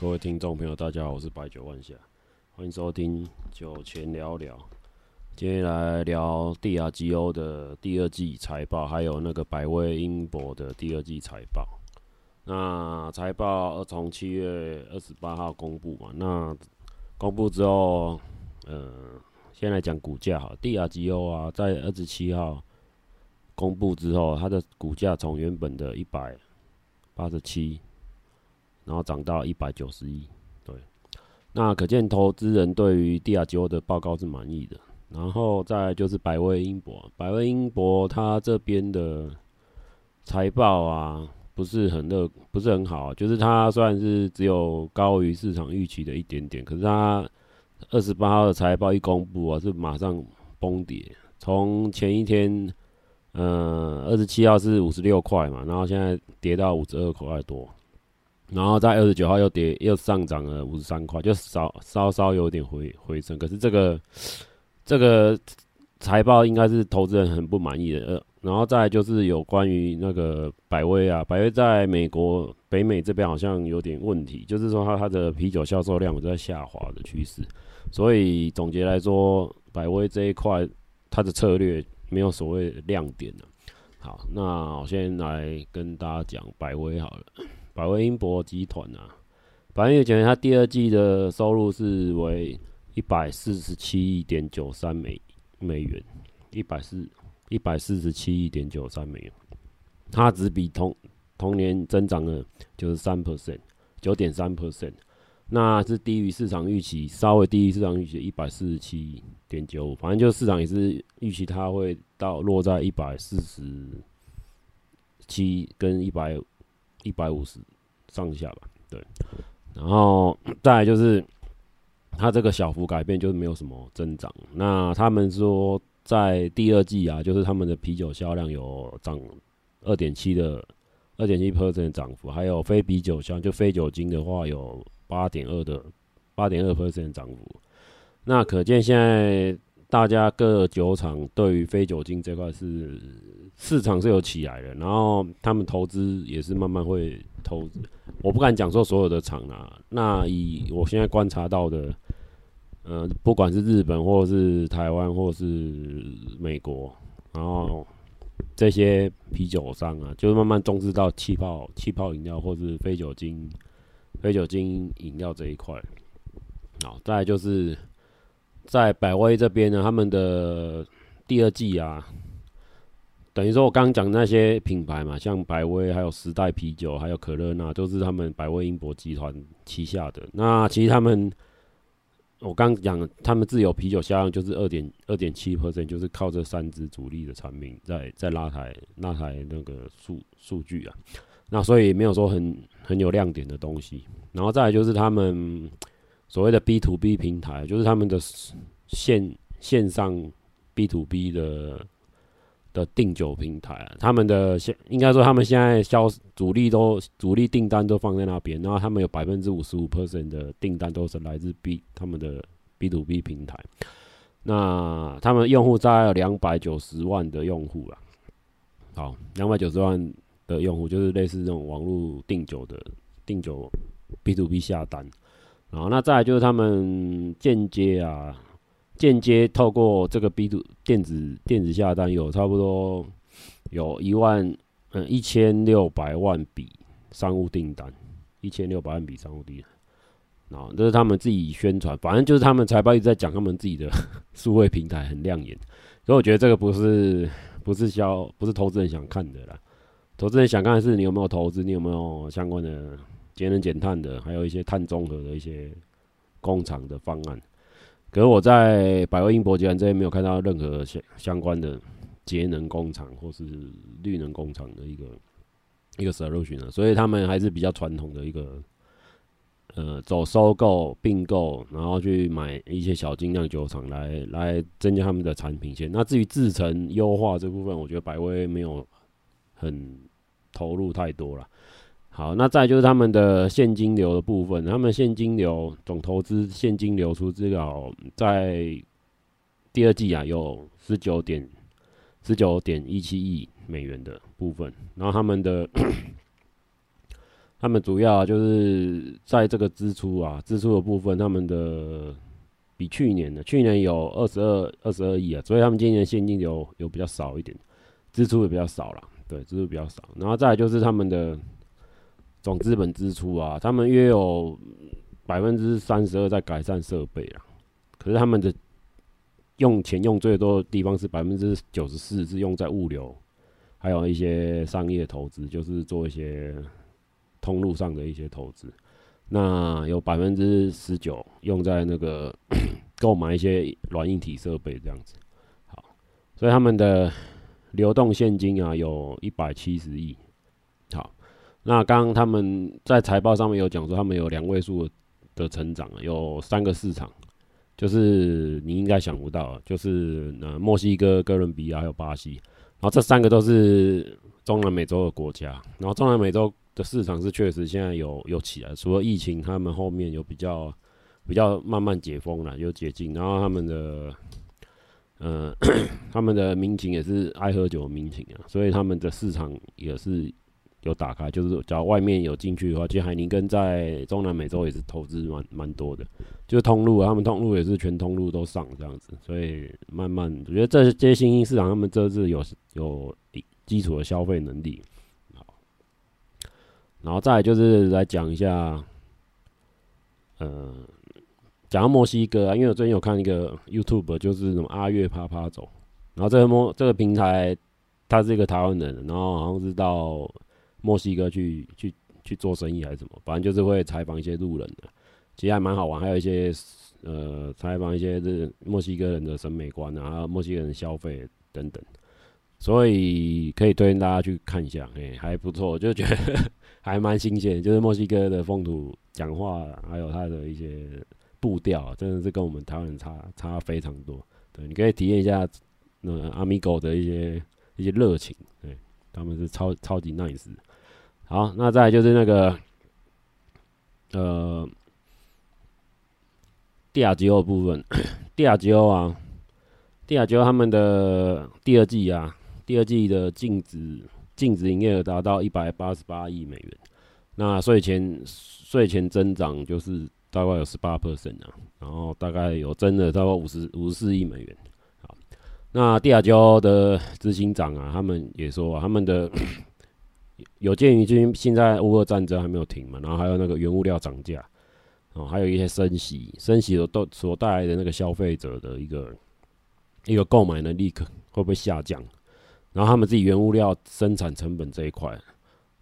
各位聽眾朋友，大家好，我是白酒萬夏，歡迎收聽酒前聊聊。今天來聊帝亞吉歐的第二季財報，還有那個百威英博的第二季財報。那財報要從七月二十八號公布嘛？那公布之後，呃，先來講股價哈。帝亞吉歐啊，在二十七號公布之後，它的股價從原本的一百八十七。然後漲到一百九十億，對。那可見投資人對於帝亞吉歐的報告是滿意的。然後再來就是百威英博，百威英博它這邊的財報啊，不是很樂，不是很好啊。就是它雖然是只有高於市場預期的一點點，可是它二十八號的財報一公布啊，是馬上崩跌。從前一天，呃，二十七號是五十六塊嘛，然後現在跌到五十二塊多。然後在二十九號又跌，又上漲了五十三塊，就稍稍稍有點回回升。可是這個這個財報應該是投資人很不滿意的。呃，然後再來就是有關於那個百威啊，百威在美國北美這邊好像有點問題，就是說它它的啤酒銷售量有在下滑的趨勢。所以總結來說，百威這一塊它的策略沒有所謂的亮點了啊。好，那我先來跟大家講百威好了。百威英博集團啊，百威英博集團它第二季的收入是為一百四十七點九三美美元，一百四一百四十七點九三美元，它只比同同年增長了九十三 percent，九點三 percent，那是低於市場預期，稍微低於市場預期一百四十七點九五，反正就市場也是預期它會到落在一百四十七跟一百。一百五十上下吧，對，然後再來就是它這個小幅改變，就是沒有什麼增長。那他們說在第二季啊，就是他們的啤酒銷量有漲二點七的二點七 percent 漲幅，還有非啤酒銷就非酒精的話有八點二的八點二 percent 漲幅。那可見現在。大家各酒廠對於非酒精這塊是市場是有起來的，然後他們投資也是慢慢會投。我不敢講說所有的廠啊，那以我現在觀察到的，嗯、呃，不管是日本或者是台灣或是美國，然後這些啤酒商啊，就是慢慢重視到氣泡、氣泡飲料或是非酒精、非酒精飲料這一塊。好，再就是。在百威這邊呢，他們的第二季啊，等於說我剛剛講那些品牌嘛，像百威，還有時代啤酒，還有可樂，那、就、都是他們百威英博集團旗下的。那其實他們，我剛講他們自有啤酒銷量就是二點二點七 percent，就是靠這三支主力的產品在在拉抬拉抬那個數數據啊。那所以沒有說很很有亮點的東西。然後再來就是他們所謂的 B to B 平台，就是他們的線線上 B to B 的的訂酒平台、啊。他們的現應該說，他們現在銷主力都主力訂單都放在那邊。然後他們有百分之五十五 percent 的訂單都是來自 B 他們的 B to B 平台。那他們用戶大概有兩百九十萬的用戶了、啊。好，兩百九十萬的用戶就是類似這種網絡訂酒的訂酒 B to B 下單。然後，那再來就是他們間接啊，間接透過這個 B2 電子電子下單，有差不多有一萬嗯一千六百萬筆商務訂單，一千六百萬筆商務訂單。然後這是他們自己宣傳，反正就是他們財報一直在講他們自己的數位平台很亮眼，所以我覺得這個不是不是銷不是投資人想看的啦，投資人想看的是你有沒有投資，你有沒有相關的。節能減碳的，還有一些碳中和的一些工廠的方案，可是我在百威英博集團這邊沒有看到任何相相關的節能工廠或是綠能工廠的一個一個 solution 了，所以他們還是比較傳統的一個，呃，走收購併購，然後去買一些小精釀酒廠來來增加他們的產品線。那至於製程優化這部分，我覺得百威沒有很投入太多了。好，那再就是他們的現金流的部分，他們現金流總投資現金流出資料，在第二季啊有十九點十九點一七億美元的部分，然後他們的他們主要就是在這個支出啊支出的部分，他們的比去年的、啊、去年有二十二二十二億啊，所以他們今年現金流有比較少一點，支出也比較少了，對，支出比較少，然後再就是他們的。總資本支出啊，他們約有百分之三十二在改善設備啊，可是他們的用錢用最多的地方是百分之九十四是用在物流，還有一些商業投資，就是做一些通路上的一些投資。那有百分之十九用在那個購 買一些軟硬體設備這樣子。好，所以他們的流動現金啊，有一百七十億。那剛剛他們在財報上面有講說，他們有兩位數的成長，有三個市場，就是你應該想不到，就是那、呃、墨西哥、哥倫比亞還有巴西，然後這三個都是中南美洲的國家，然後中南美洲的市場是確實現在有有起來，除了疫情，他們後面有比較比較慢慢解封了，有解禁，然後他們的嗯、呃，他們的民情也是愛喝酒的民情啊，所以他們的市場也是。有打開，就是只要外面有進去的話，其實海尼根在中南美洲也是投資蠻蠻多的，就是通路啊，他們通路也是全通路都上這樣子，所以慢慢我覺得這些新興市場，他們這是有有基礎的消費能力。好，然後再來就是來講一下，呃，講到墨西哥啊，因為我最近有看一個 YouTube，就是什麼阿月趴趴走，然後這個墨這個平台，他是一個台灣人，然後好像是到。墨西哥去去去做生意還是什麼，反正就是會採訪一些路人、啊，的其實還蠻好玩。還有一些呃採訪一些是墨西哥人的審美觀啊，墨西哥人的消費等等，所以可以推薦大家去看一下，哎、欸、還不錯，就覺得呵呵還蠻新鮮。就是墨西哥的風土、啊、講話還有他的一些步調、啊，真的是跟我們台灣人差差非常多。對，你可以體驗一下那個阿米狗的一些一些熱情，對，他們是超超級 nice。好，那再就是那個，呃，帝亞吉歐的部分，帝亞吉歐啊，帝亞吉歐他們的第二季啊，第二季的淨值淨值營業額達到一百八十八億美元，那稅前稅前增長就是大概有十八 percent 啊，然後大概有增了，超過五十五十四億美元。好，那帝亞吉歐的執行長啊，他們也說、啊、他們的。 有鑑於今現在烏俄戰爭還沒有停嘛，然後還有那個原物料漲價，然後還有一些升息，升息的都所帶來的那個消費者的一個一個購買能力會不會下降？然後他們自己原物料生產成本這一塊，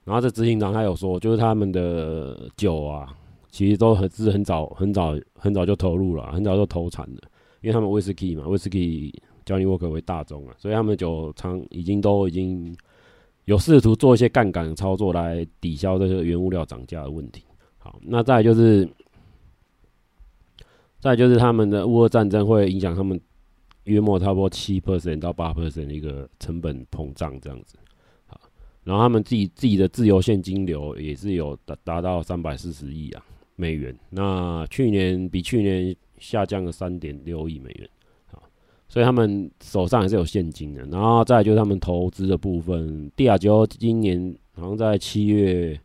然後這執行長他有說，就是他們的酒啊，其實都很是很早很早很早就投入了、啊，很早就投產了，因為他們威士忌嘛，威士忌 Johnny Walker 為大宗啊，所以他們酒廠已經都已經。有試圖做一些槓桿操作來抵消這個原物料漲價的問題。好，那再就是，再就是他們的烏俄戰爭會影響他們約莫差不多七 percent 到八 percent 的一個成本膨脹這樣子。好，然後他們自己自己的自由現金流也是有達達到三百四十億啊美元。那去年比去年下降了三點六億美元。所以他們手上還是有現金的，然後再就是他們投資的部分。帝亞吉歐今年好像在七月，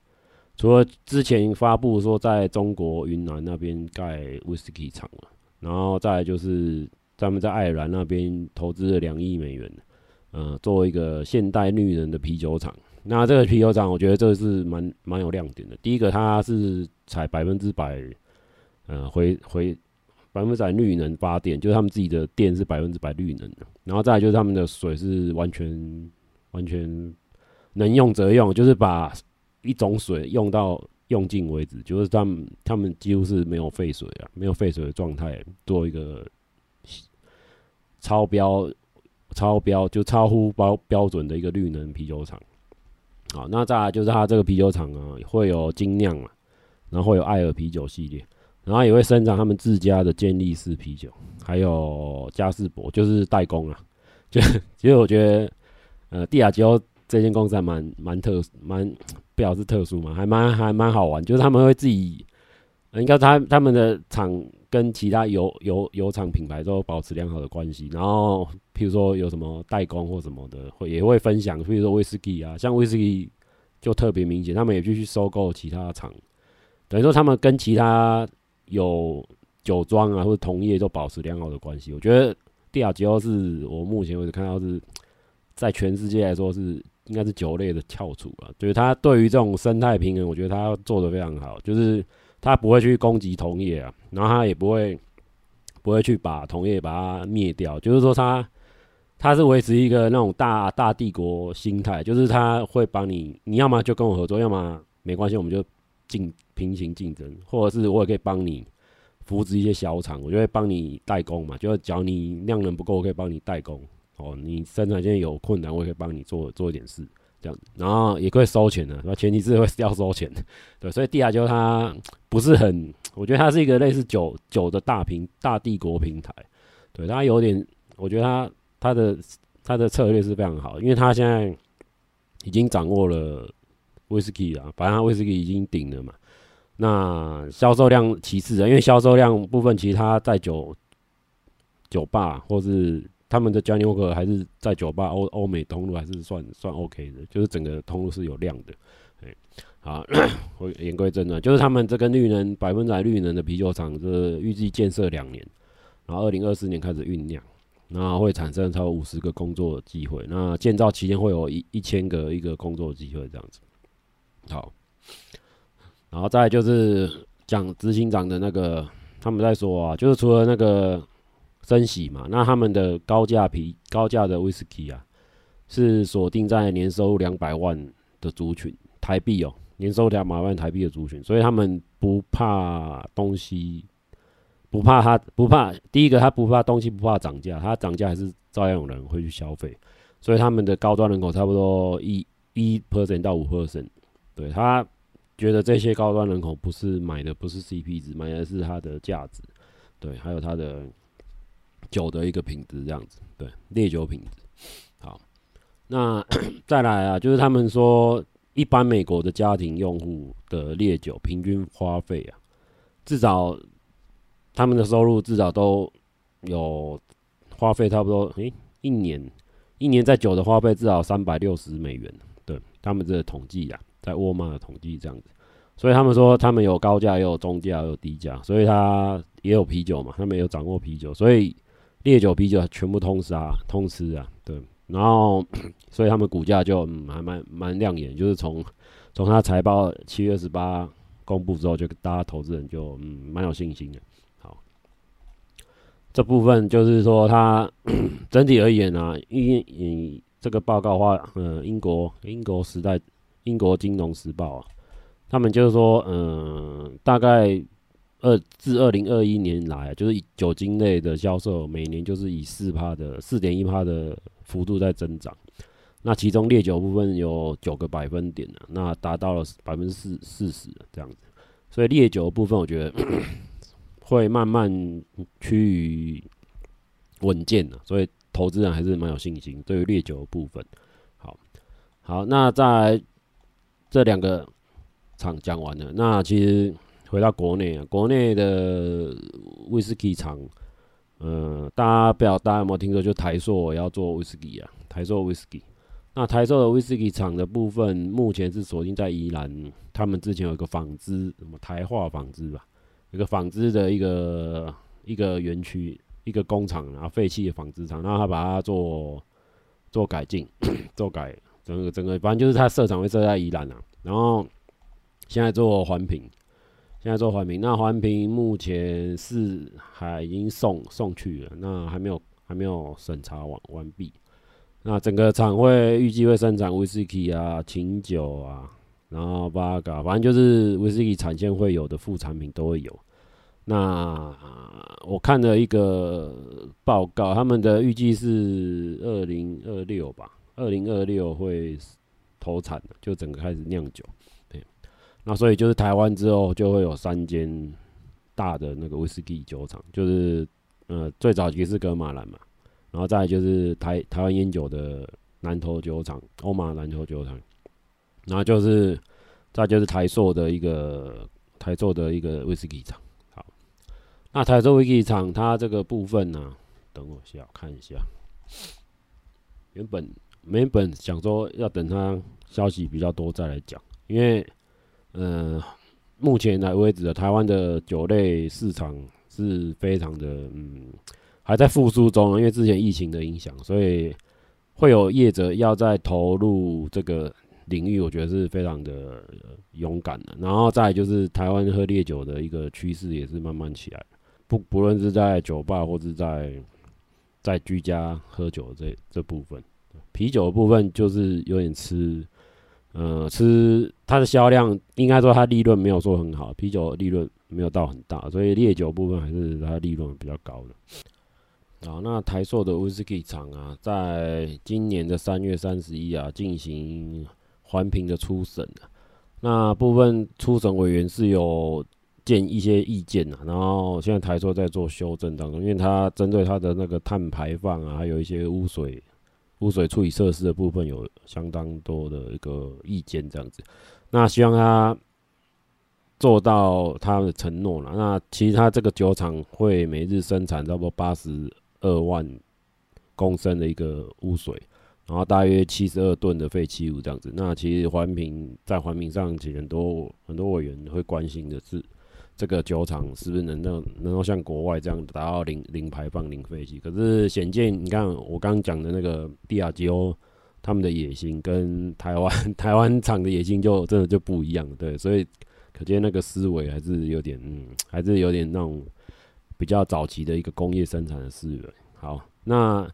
除了之前發布說在中國雲南那邊蓋威士忌廠了，然後再就是他們在愛爾蘭那邊投資了兩億美元嗯，作、呃、為一個現代綠人的啤酒廠。那這個啤酒廠，我覺得這是蠻蠻有亮點的。第一個他，它是採百分之百，嗯、呃、回回。回百分之百綠能發電，就是他們自己的電是百分之百綠能的、啊。然後再來就是他們的水是完全、完全能用則用，就是把一種水用到用盡為止，就是他們他們幾乎是沒有廢水啊，沒有廢水的狀態，做一個超標、超標就超乎包標準的一個綠能啤酒廠。好，那再來就是他這個啤酒廠啊，會有精釀、啊、然後會有愛爾啤酒系列。然後也會生產他們自家的健力士啤酒，還有嘉士伯，就是代工啊。就其實我覺得，呃，帝亞吉歐這間公司還蠻蠻特殊，蠻不曉得是特殊嘛，還蠻還蠻好玩。就是他們會自己，呃、應該他他們的廠跟其他油油油廠品牌都保持良好的關係。然後，譬如說有什麼代工或什麼的，會也會分享。譬如說威士忌啊，像威士忌就特別明顯，他們也繼續收購其他廠，等於說他們跟其他。有酒莊啊，或者同業都保持良好的關係。我覺得帝亞吉歐是我目前為止看到是在全世界來說是應該是酒類的翹楚啊。就是他對於這種生態平衡，我覺得他做的非常好，就是他不會去攻擊同業啊，然後他也不會不會去把同業把它滅掉。就是說他他是維持一個那種大大帝國心態，就是他會幫你，你要麼就跟我合作，要麼沒關係，我們就。競平行競爭，或者是我也可以幫你扶植一些小廠，我就會幫你代工嘛，就是只要你量能不夠，我可以幫你代工哦。你生產線有困難，我也可以幫你做做一點事這樣，然後也可以收錢的、啊，那前提是會要收錢，對。所以第二就是它不是很，我覺得它是一個類似酒酒的大平大帝國平台，對它有點，我覺得它它的它的策略是非常好，因為它現在已經掌握了。威士忌啊，反正威士忌已經頂了嘛。那銷售量其次啊，因為銷售量部分，其實它在酒酒吧或是他們的 Johnny Walker 還是在酒吧歐歐美通路還是算算 OK 的，就是整個通路是有量的。哎，好，咳咳，言歸正傳，就是他們這個綠能百分百綠能的啤酒廠是預計建設兩年，然後二零二四年開始醞釀，然後會產生超五十個工作機會，那建造期間會有一一千個一個工作機會這樣子。好，然後再就是講執行長的那個，他們在說啊，就是除了那個升息嘛，那他們的高價皮高價的威士忌啊，是鎖定在年收兩百萬的族群台幣哦，喔，年收兩百萬台幣的族群，所以他們不怕東西，不怕他，不怕第一個他不怕東西，不怕漲價，他漲價還是照樣有人會去消費，所以他們的高端人口差不多一一 percent 到五 percent。對他覺得這些高端人口不是買的不是 CP 值，買的是它的價值，對，還有它的酒的一個品質這樣子，對，烈酒品質。好，那 再來啊，就是他們說，一般美國的家庭用戶的烈酒平均花費啊，至少他們的收入至少都有花費差不多，誒、欸，一年一年在酒的花費至少三百六十美元，對他們這個統計啊。在沃爾瑪的統計這樣子，所以他們說他們有高價，也有中價，也有低價，所以他也有啤酒嘛，他們也有掌握啤酒，所以烈酒、啤酒全部通殺、啊，通吃啊，對。然後，所以他們股價就、嗯、還蠻蠻亮眼，就是從從他財報七月二十八公布之後，就大家投資人就嗯蠻有信心的。好，這部分就是說他整體而言啊，因為這個報告的話，嗯，英國英國時代。英國金融時報啊，他們就是說，嗯、呃，大概二自二零二一年來、啊，就是以酒精類的銷售每年就是以四趴的四點一趴的幅度在增長。那其中烈酒部分有九個百分點的、啊，那達到了百分之四四十這樣子。所以烈酒的部分，我覺得 會慢慢趨於穩健的、啊，所以投資人還是蠻有信心對於烈酒的部分。好，好，那再。這兩個廠講完了，那其實回到國內啊，國內的威士忌廠，呃，大家不知道大家有沒有聽說，就台塑要做威士忌啊，台塑威士忌。那台塑的威士忌廠的部分，目前是鎖定在宜蘭，他們之前有一個紡織，什麼台化紡織吧，一個紡織的一個一個園區，一個工廠，然後廢棄的紡織廠，然後他把它做做改進， 做改。整個整個，反正就是他設廠會設在宜蘭啊，然後現在做環評，現在做環評。那環評目前是還已經送送去了，那還沒有還沒有審查完完畢。那整個廠會預計會生產威士忌啊、琴酒啊，然後八嘎，反正就是威士忌產線會有的副產品都會有。那我看了一個報告，他們的預計是二零二六吧。二零二六會投產的，就整個開始釀酒。那所以就是台灣之後就會有三間大的那個威士忌酒廠，就是呃最早一個是格馬蘭嘛，然後再來就是台台灣菸酒的南投酒廠、歐瑪南投酒廠，然後就是再就是台塑的一個台塑的一個威士忌廠。好，那台塑威士忌廠它這個部分呢、啊，等我一下，我看一下，原本。原本想說要等他消息比較多再來講，因為，呃，目前來為止的台灣的酒類市場是非常的，嗯，還在復甦中。因為之前疫情的影響，所以會有業者要再投入這個領域，我覺得是非常的勇敢的。然後再來就是台灣喝烈酒的一個趨勢也是慢慢起來，不不論是在酒吧，或者在、在在居家喝酒這這部分。啤酒的部分就是有點吃，呃、嗯，吃它的銷量，應該說它利潤沒有做很好，啤酒的利潤沒有到很大，所以烈酒部分還是它利潤比較高的。啊，那台塑的威士忌廠啊，在今年的三月三十一啊進行環評的初審啊，那部分初審委員是有建一些意見啊，然後現在台塑在做修正當中，因為它針對它的那個碳排放啊，還有一些污水。污水處理設施的部分有相當多的一個意見這樣子，那希望他做到他的承諾了。那其實他這個酒廠會每日生產差不多八十二萬公升的一個污水，然後大約七十二噸的廢棄物這樣子，那其實環評在環評上，其實很多很多委員會關心的是，這個酒廠是不是能夠能夠像國外這樣達到零零排放、零廢氣？可是顯見，你看我剛剛講的那個 Diageo 他們的野心，跟台灣台灣廠的野心就真的就不一樣，對，所以可見那個思維還是有點，嗯，還是有點那種比較早期的一個工業生產的思維。好，那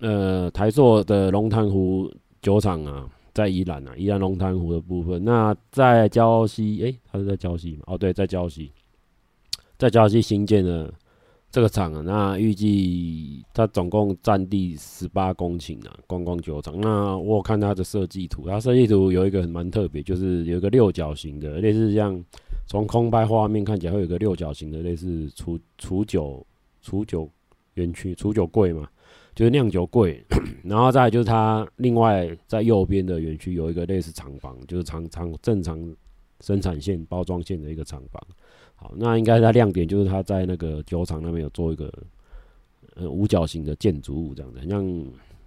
呃，台塑的龍潭湖酒廠啊。在宜蘭啊，宜蘭龍潭湖的部分。那在礁溪，誒、欸，它是在礁溪嗎？哦，對，在礁溪，在礁溪新建的這個廠啊。那預計它總共佔地十八公頃啊，觀光酒廠。那我有看它的設計圖，它設計圖有一個蠻特別，就是有一個六角形的，類似像從空拍畫面看起來會有一個六角形的，類似儲儲酒儲酒園區儲酒櫃嘛。就是釀酒貴， 然後再來就是它另外在右邊的園區有一個類似廠房，就是長長正常生產線、包裝線的一個廠房。好，那應該它亮點就是它在那個酒廠那邊有做一個呃五角形的建築物，這樣子很像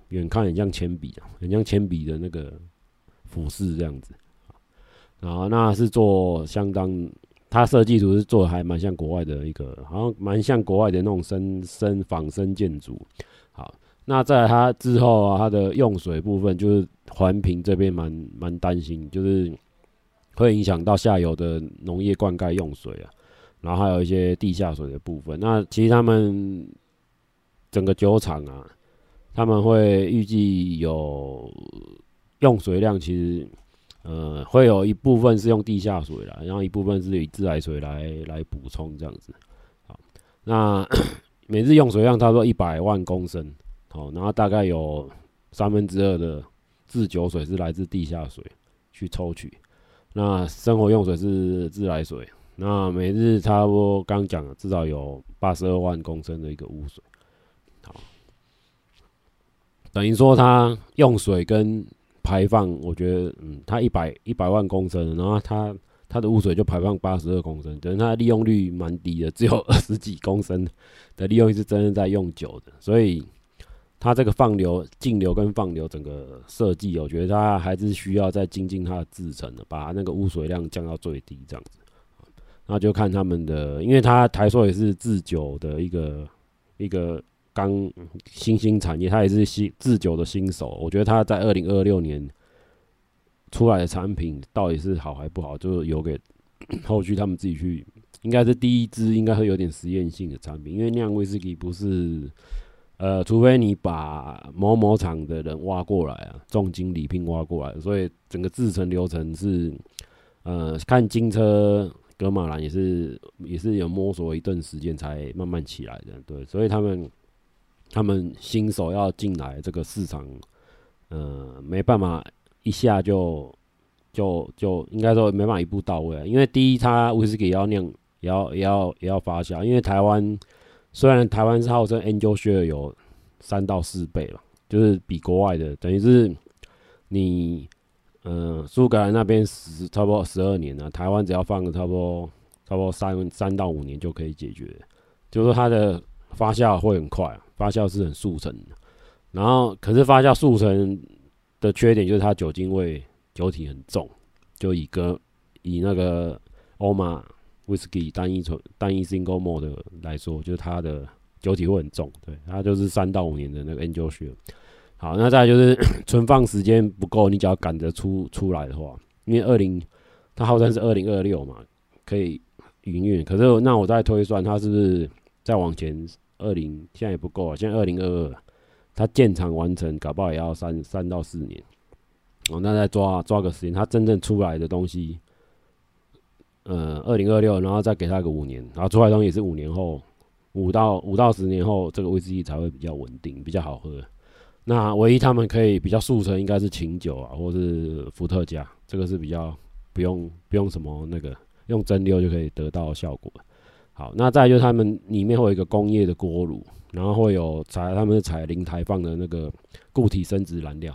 遠看很像鉛筆，很像鉛筆的那個俯視這樣子。然後那是做相當，它設計圖是做的還蠻像國外的一個，好像蠻像國外的那種生生仿生建築。那在它之後啊，它的用水部分就是環評這邊蠻蠻擔心，就是會影響到下游的農業灌溉用水啊，然後還有一些地下水的部分。那其實他們整個酒廠啊，他們會預計有用水量，其實呃會有一部分是用地下水啦，然後一部分是以自來水來來補充這樣子。好，那每日用水量，差不多一百萬公升。好，然後大概有三分之二的製酒水是來自地下水去抽取，那生活用水是自來水，那每日差不多剛講了至少有八十二萬公升的一個污水。好，等於說它用水跟排放，我覺得，嗯，它一百一百萬公升，然後它它的污水就排放八十二公升，等於它的利用率蠻低的，只有二十幾公升的利用率是真正在用酒的，所以，它這個放流、淨流跟放流整個設計，我覺得它還是需要再精進它的制程的，把那個污水量降到最低這樣子。那就看他們的，因為它台塑也是制酒的一個一個剛新興產業，它也是新制酒的新手。我覺得它在二零二六年出來的產品到底是好還不好，就留給後續他們自己去。應該是第一支，應該會有點實驗性的產品，因為釀威士忌不是。呃，除非你把某某廠的人挖過來啊，重金禮聘挖過來，所以整個製程流程是，呃，看金車噶瑪蘭也是也是有摸索一段時間才慢慢起來的，對，所以他們他們新手要進來這個市場。呃，沒辦法一下就就就應該說沒辦法一步到位啊，因為第一他威士忌也要釀，也要也要也要，也要發酵，因為台灣。雖然台灣是號稱 Angel's Share 有三到四倍了，就是比國外的，等於是你，嗯、呃、蘇格蘭那邊十差不多十二年了、啊，台灣只要放個差不多差不多三三到五年就可以解決。就說它的發酵會很快、啊，發酵是很速成，然後，可是發酵速成的缺點就是它酒精味酒體很重，就以個以那個歐瑪。Whisky 單一存單一 single malt 來說，就是它的酒體會很重，對，它就是三到五年的那個 Angel Share。好，那再來就是 存放時間不夠，你只要趕得出出來的話，因為二零它號稱是二零二六嘛，可以營運。可是那我再推算它是不是再往前二零，現在也不夠，啊，現在二零二二，它建廠完成，搞不好也要三三到四年。哦，那再抓抓個時間，它真正出來的東西。呃，二零二六，26，然後再給他一個五年，然後朱海東也是五年後，五到五到十年後，這個威士忌才會比較穩定，比較好喝。那唯一他們可以比較速成，應該是琴酒啊，或是伏特加，這個是比較不用不用什麼那個，用蒸餾就可以得到效果。好，那再就是他們裡面會有一個工業的鍋爐，然後會有採他們是採零排放的那個固體生物質燃料。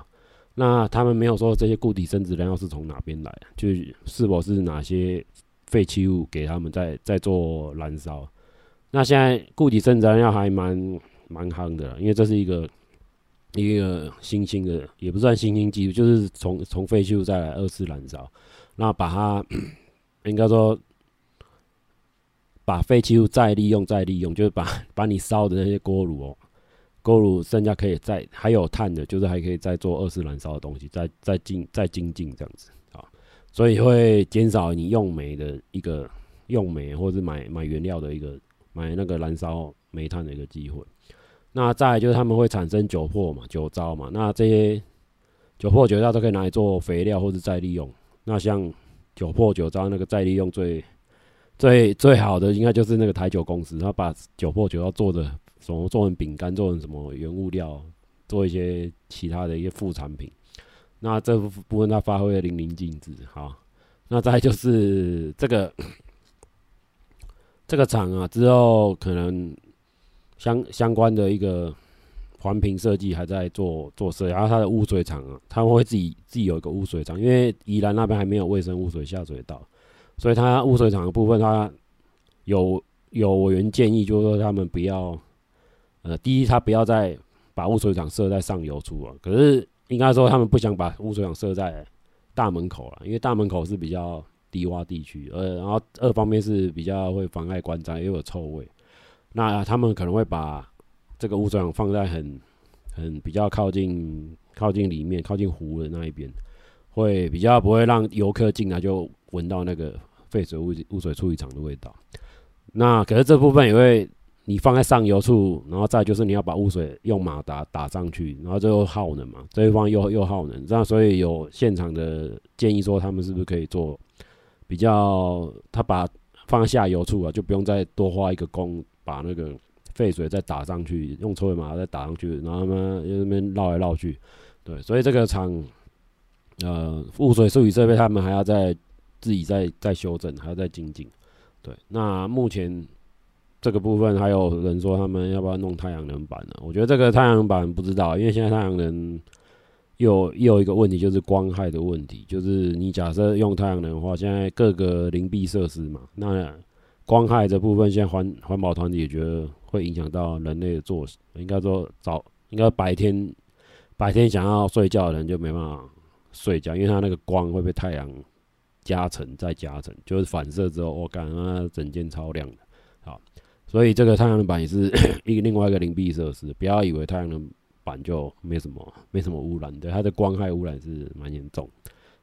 那他們沒有說這些固體生物質燃料是從哪邊來，就是否是哪些。廢棄物給他們再再做燃燒，那現在固體生質燃料還蠻蠻夯的，因為這是一個一個新興的，也不算新興技術，就是從從廢棄物再來二次燃燒，那把它應該說把廢棄物再利用再利用，就是把把你燒的那些鍋爐，喔，鍋爐剩下可以再還有碳的，就是還可以再做二次燃燒的東西，再再進再精進這樣子。所以會減少你用煤的一個用煤，或者是買買原料的一個買那個燃燒煤炭的一個機會。那再來就是他們會產生酒粕嘛、酒糟嘛，那這些酒粕、酒糟都可以拿來做肥料，或者是再利用。那像酒粕、酒糟那個再利用最最最好的，應該就是那個台酒公司，他把酒粕、酒糟做的什麼做成餅乾，做成什麼原物料，做一些其他的一些副產品。那這部分他發揮的淋漓盡致，好，那再就是這個這個廠啊，之後可能相相關的一個環評設計還在做做設計，然後它的污水廠啊，他們會自己自己有一個污水廠，因為宜蘭那邊還沒有衛生污水下水道，所以它污水廠的部分，它有有委員建議，就是說他們不要，呃，第一，他不要再把污水廠設在上游處啊，可是。應該說，他們不想把污水廠設在大門口了，因為大門口是比較低洼地區，呃，然後二方面是比較會妨礙觀瞻，又有臭味。那、啊、他們可能會把這個污水廠放在很、很比較靠近、靠近裡面、靠近湖的那一邊，會比較不會讓遊客進來就聞到那個廢水污污水處理廠的味道。那可是這部分也會。你放在上游處，然後再就是你要把污水用馬達打，打上去，然後最後耗能嘛，這一方又又耗能，那所以有現場的建議說，他們是不是可以做比較？他把放在下游處啊，就不用再多花一個工把那個廢水再打上去，用抽水馬達再打上去，然後他們又那邊繞來繞去，對，所以這個廠呃污水處理設備他們還要再自己再再修正，還要再精進，對，那目前，這個部分還有人說他們要不要弄太陽能板呢、啊？我覺得這個太陽能板不知道，因為現在太陽能又又有一個問題，就是光害的問題，就是你假設用太陽能的話，現在各個鄰避設施嘛，那光害的部分，現在環環保團體也覺得會影響到人類的作息。應該說早應該白天，白天想要睡覺的人就沒辦法睡覺，因為它那個光會被太陽加成再加成，就是反射之後，我感覺它整間超亮的，好。所以這個太陽能板也是一個另外一個鄰避設施，不要以為太陽能板就沒什麼沒什麼污染的，它的光害污染是蠻嚴重。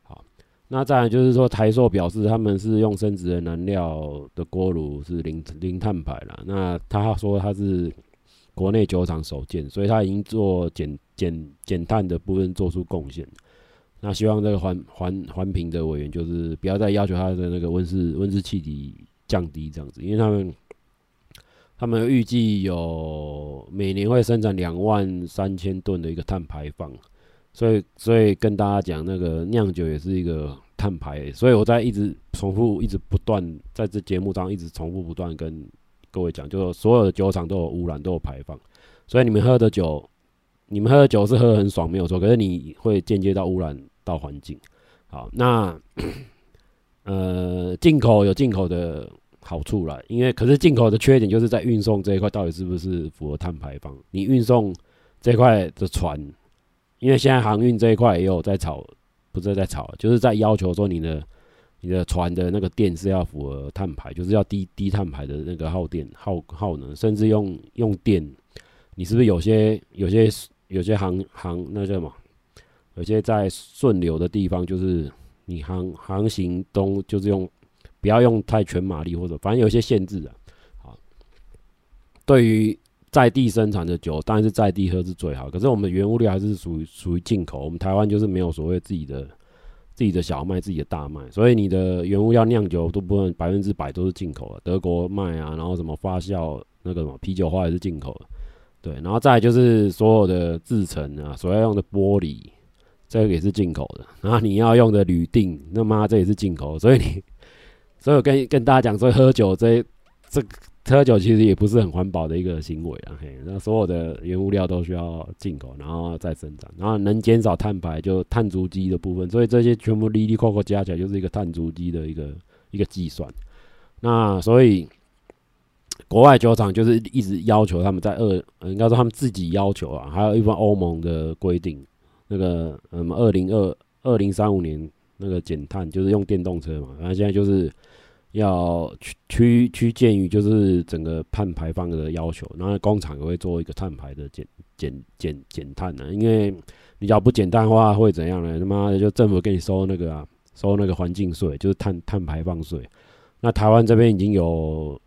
好，那再來就是說台塑表示他們是用生質的燃料的鍋爐是零零碳排了，那他說他是國內酒廠首件，所以他已經做減減減碳的部分做出貢獻。那希望這個環環環評的委員就是不要再要求他的那個溫室溫室氣體降低這樣子，因為他們。他們預計有每年會生產兩萬三千噸的一個碳排放，所以所以跟大家講，那個釀酒也是一個碳排，所以我在一直重複，一直不斷在這節目上一直重複不斷跟各位講，就是所有的酒廠都有污染，都有排放，所以你們喝的酒，你們喝的酒是喝得很爽沒有錯，可是你會間接到污染到環境。好，那呃，進口有進口的。好處了，因為可是進口的缺點就是在運送這一塊，到底是不是符合碳排放？你運送這塊的船，因為現在航運這一塊也有在吵，不是在吵，就是在要求說你的你的船的那個電是要符合碳排，就是要低低碳排的那個耗電耗耗能，甚至用用電，你是不是有些有些有些航航那個嘛？有些在順流的地方，就是你航航行中，行行就是用。不要用太全馬力，或者反正有些限制的、啊。好，對於在地生產的酒，當然是在地喝是最好。可是我們的原物料還是屬於屬於進口，我們台灣就是沒有所謂自己的自己的小麥、自己的大麥，所以你的原物料釀酒都不能百分之百都是進口的，德國麥啊，然後什麼發酵那個什麼啤酒花也是進口的，對。然後再就是所有的製程啊，所要用的玻璃這個也是進口的，然後你要用的鋁錠，那麼、啊、這也是進口，所以你。所以我跟跟大家講，所以喝酒這這個、喝酒其實也不是很環保的一個行為啊。嘿，那所有的原物料都需要進口，然後再生產，然後能減少碳排就碳足跡的部分。所以這些全部滴滴扣扣加起來就是一個碳足跡的一個一個計算。那所以國外酒廠就是一直要求他們在二，應該說他們自己要求啊，還有一份歐盟的規定，那個什麼二零二二零三五年那個減碳就是用電動車嘛。然後現在就是。要趨趨趨近於就是整個碳排放的要求，然後工廠也會做一個碳排的減減減減碳的、啊，因為你要不減碳的話會怎樣呢？他媽的就政府給你收那個啊，收那個環境稅，就是碳碳排放稅。那台灣這邊已經有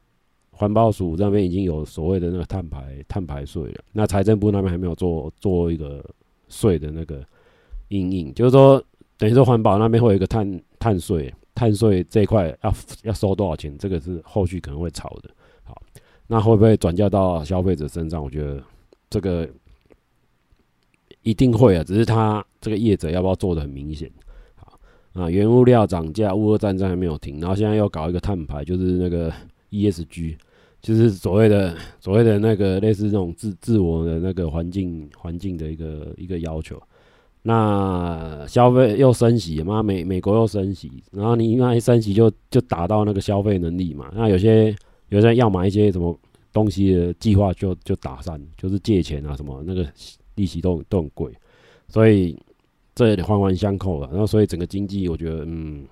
環保署那邊已經有所謂的那個碳排碳排稅了，那財政部那邊還沒有做做一個稅的那個因應就是說，等於說環保那邊會有一個碳碳稅。碳稅這一塊要要收多少錢？這個是後續可能會炒的。好，那會不會轉嫁到消費者身上？我覺得這個一定會啊，只是他這個業者要不要做得很明顯。好，啊，原物料漲價，烏俄戰爭還沒有停，然後現在又搞一個碳排，就是那個 ESG，就是所謂的所謂的那個類似這種自自我的那個環境環境的一個一個要求。那消費又升息嘛，美美國又升息，然後你一旦一升息就就達到那個消費能力嘛。那有些有些要買一些什麼東西的計劃就就打散，就是借錢啊什麼那個利息都都很貴，所以這環環相扣了。然後所以整個經濟，我覺得嗯，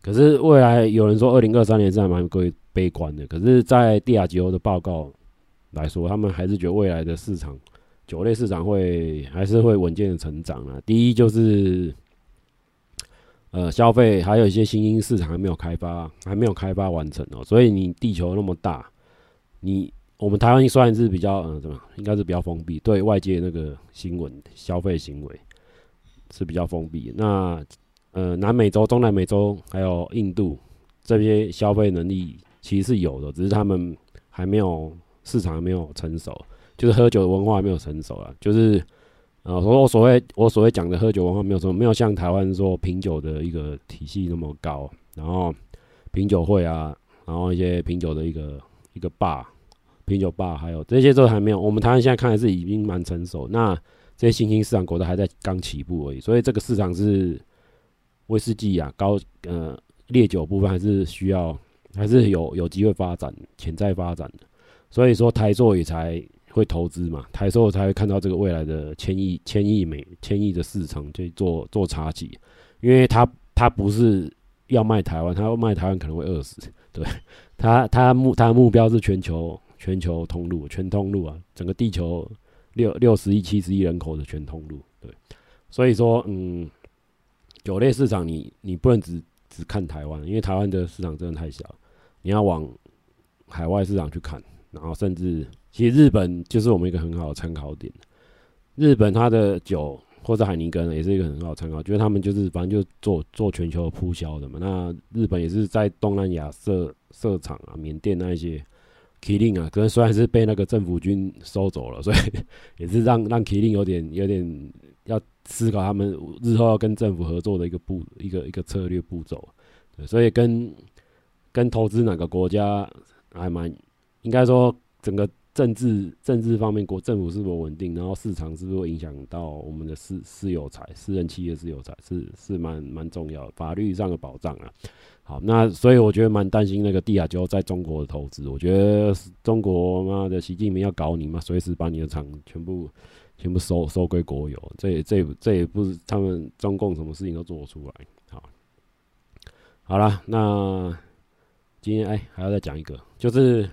可是未來有人說二零二三年是蠻過於悲觀的。可是，在帝亞吉歐的報告來說，他們還是覺得未來的市場。酒類市場會還是會穩健的成長啦，啊。第一就是，呃，消費還有一些新興市場還沒有開發，還沒有開發完成哦。所以你地球那麼大，你我們台灣算是比較，呃，怎麼應該是比較封閉，對外界那個新聞消費行為是比較封閉。那呃，南美洲、中南美洲還有印度這些消費能力其實是有的，只是他們還沒有市場，還沒有成熟。就是喝酒的文化還沒有成熟啊，就是呃，我我所謂我所謂講的喝酒文化沒有說，沒有像台灣說品酒的一個體系那麼高，然後品酒會啊，然後一些品酒的一個一個 bar，品酒 bar，還有這些都還沒有。我們台灣現在看來是已經蠻成熟，那這些新興市場國家還在剛起步而已，所以這個市場是威士忌啊，高呃烈酒部分還是需要還是有有機會發展，潛在發展的，所以說台塑也才。會投資嘛？台商才會看到這個未來的千億、千億美、千億的市場，去做做差價，因為他他不是要賣台灣，他要賣台灣可能會餓死。對他他目他的目標是全球全球通路全通路啊，整個地球六六十億、七十億人口的全通路。對，所以說嗯，酒類市場你你不能只只看台灣，因為台灣的市場真的太小，你要往海外市場去看，然後甚至。其實日本就是我們一個很好的參考點。日本它的酒或者海尼根也是一個很好的參考，覺得他們就是反正就做做全球的鋪銷的嘛。那日本也是在東南亞設設廠啊，緬甸那一些麒麟啊，可能雖然是被那個政府軍收走了，所以也是讓讓麒麟有點有點要思考他們日後要跟政府合作的一個步一個一個策略步驟。對，所以跟跟投資哪個國家還蠻應該說整個。政治政治方面，國政府是否穩定？然後市場是不是會影響到我們的私私有財、私人企業私有財？是是蠻蠻重要的法律上的保障啊。好，那所以我覺得蠻擔心那個帝亞吉歐在中國的投資。我覺得中國媽的習近平要搞你嘛，隨時把你的廠全部全部收收歸國有。這這這也不是他們中共什麼事情都做得出來。好，好了，那今天哎、欸、還要再講一個，就是。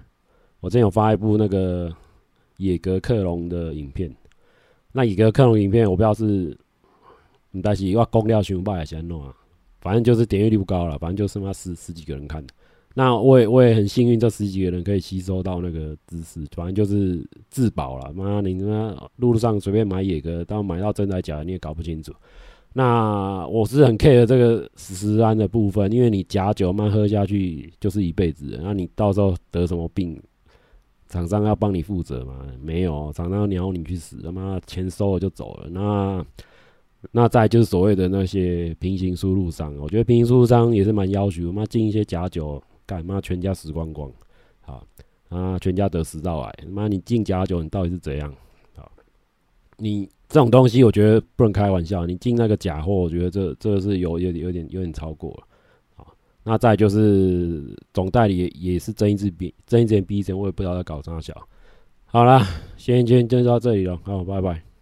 我之前有發一部那個野格克隆的影片，那野格克隆的影片我不知道是，你擔是，要公了全部還是怎弄啊？反正就是點閱率不高了，反正就是他媽十十幾個人看的。那我也我也很幸運，這十幾個人可以吸收到那個知識，反正就是自保了。媽，你那路上隨便買野格，到買到真的假的你也搞不清楚。那我是很 care 這個食安的部分，因為你假酒嘛，喝下去就是一輩子，那你到時候得什麼病？廠商要幫你負責嗎？沒有，廠商要鳥你去死的！他媽錢收了就走了。那那再就是所謂的那些平行輸入商，我覺得平行輸入商也是蠻要求，他媽進一些假酒，幹嘛全家死光光，好啊，全家得食道癌。他媽你進假酒，你到底是怎樣？好，你這種東西我覺得不能開玩笑。你進那個假貨，我覺得這這是有有有點有點超過了。那再就是總代理也是也是睜一隻閉、睜一隻眼閉一隻眼，我也不知道在搞啥小。好了，先先今天就到這裡了，好，拜拜。